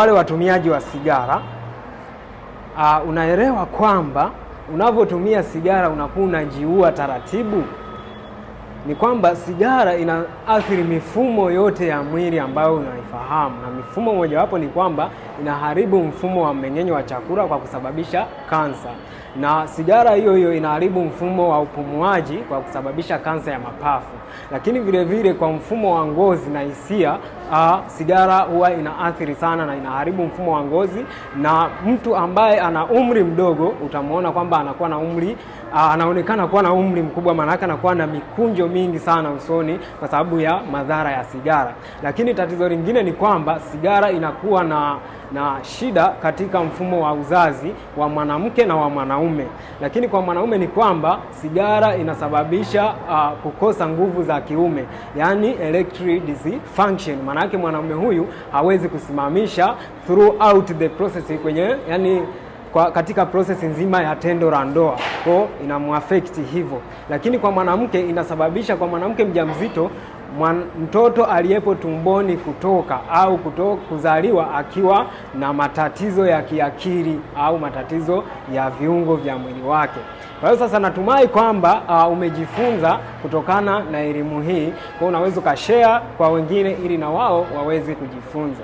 Wale watumiaji wa sigara uh, unaelewa kwamba unavyotumia sigara unakuwa unajiua taratibu. Ni kwamba sigara inaathiri mifumo yote ya mwili ambayo unaifahamu, na mifumo mojawapo ni kwamba inaharibu mfumo wa mmeng'enyo wa chakula kwa kusababisha kansa, na sigara hiyo hiyo inaharibu mfumo wa upumuaji kwa kusababisha kansa ya mapafu, lakini vile vile kwa mfumo wa ngozi na hisia uh, sigara huwa inaathiri sana na inaharibu mfumo wa ngozi, na mtu ambaye ana umri mdogo utamwona kwamba anakuwa na umri uh, anaonekana kuwa na umri mkubwa, maanake anakuwa na mikunjo mingi sana usoni kwa sababu ya madhara ya sigara. Lakini tatizo lingine ni kwamba sigara inakuwa na na shida katika mfumo wa uzazi wa mwanamke na wa mwanaume. Lakini kwa mwanaume ni kwamba sigara inasababisha uh, kukosa nguvu za kiume, yani erectile dysfunction. Maana yake mwanaume huyu hawezi kusimamisha throughout the process kwenye yani kwa katika process nzima ya tendo la ndoa, ko inamwafekti hivyo. Lakini kwa mwanamke inasababisha kwa mwanamke mjamzito mtoto aliyepo tumboni kutoka au kuto, kuzaliwa akiwa na matatizo ya kiakili au matatizo ya viungo vya mwili wake. Kwa hiyo sasa natumai kwamba uh, umejifunza kutokana na elimu hii, kwa unaweza ukashare kwa wengine ili na wao waweze kujifunza.